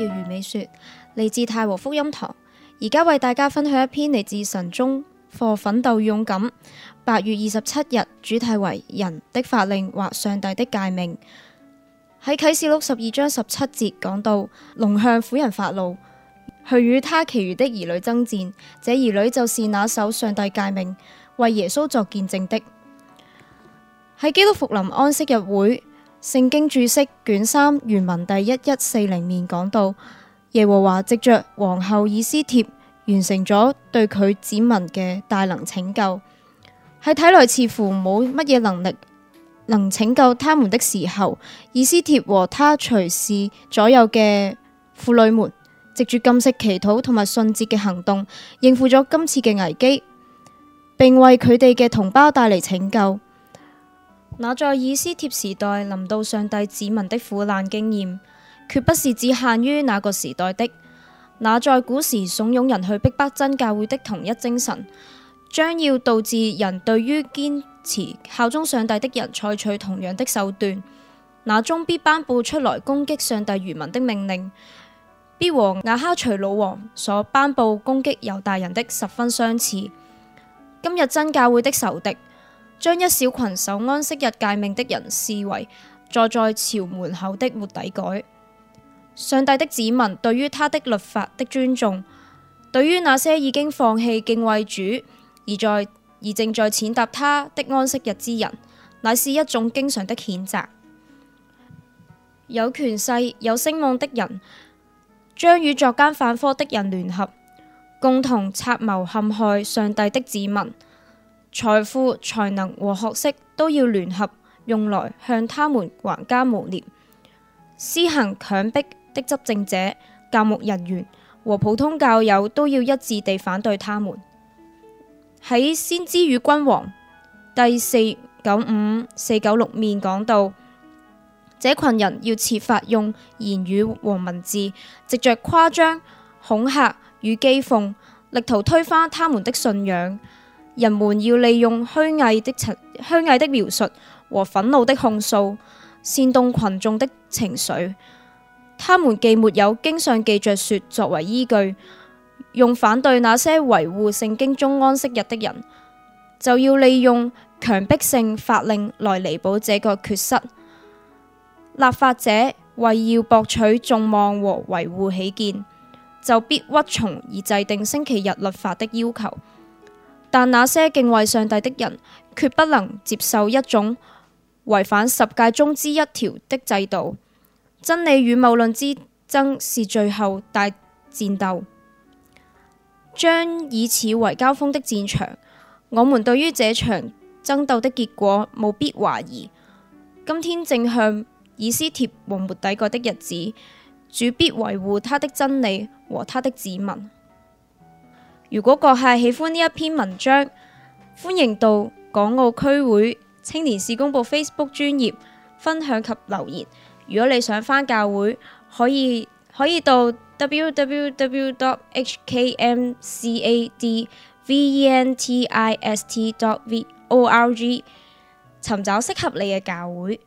叫余美雪，嚟自太和福音堂，而家為大家分享一篇嚟自神宗課，奮鬥與勇敢。八月二十七日，主題為人的法令或上帝的誡命。喺啟示錄十二章十七節講到，龍向婦人發怒，去與他其餘的兒女爭戰，這兒女就是那守上帝誡命、為耶穌作見證的。喺基督復臨安息日會。聖經註釋卷三，原文第一一四零面講到，耶和華藉着皇后以斯帖完成咗對佢子民嘅大能拯救。喺睇來似乎冇乜嘢能力能拯救他們的時候，以斯帖和他隨侍左右嘅婦女們，藉住禁食祈禱同埋信節嘅行動，應付咗今次嘅危機，並為佢哋嘅同胞帶嚟拯救。那在以斯帖時代臨到上帝子民的苦難經驗，絕不是只限於那個時代的。那在古時慫恿人去逼迫真教會的同一精神，將要導致人對於堅持效忠上帝的人採取同樣的手段。那終必頒布出來攻擊上帝餘民的命令，必和亞哈隨魯王所頒布攻擊猶大人的十分相似。今日真教會的仇敵。將一小群守安息日誡命的人視為坐在朝門口的末底改，上帝的子民對於他的律法的尊重，對於那些已經放棄敬畏主而在而正在踐踏他的安息日之人，乃是一種經常的譴責。有權勢、有聲望的人，將與作奸犯科的人聯合，共同策謀陷害上帝的子民。財富、才能和學識都要聯合，用來向他們橫加誣衊。施行強迫的執政者、教牧人員和普通教友都要一致地反對他們。喺《先知與君王》第四九五四九六面講到，這群人要設法用言語和文字，藉著誇張、恐嚇與譏諷，力圖推翻他們的信仰。人們要利用虛偽的虛偽的描述和憤怒的控訴，煽動群眾的情緒。他們既沒有經上記着說作為依據，用反對那些維護聖經中安息日的人，就要利用強迫性法令來彌補這個缺失。立法者為要博取眾望和維護起見，就必屈從而制定星期日立法的要求。但那些敬畏上帝的人，決不能接受一種違反十誡中之一條的制度。真理與謬論之爭是最後大戰鬥，將以此為交鋒的戰場。我們對於這場爭鬥的結果，無必懷疑。今天正向以斯帖和末底改的日子，主必維護他的真理和他的子民。如果閣下喜歡呢一篇文章，歡迎到港澳區會青年事工部 Facebook 專頁分享及留言。如果你想返教會，可以可以到 www.hkmcadventist.org 尋找適合你嘅教會。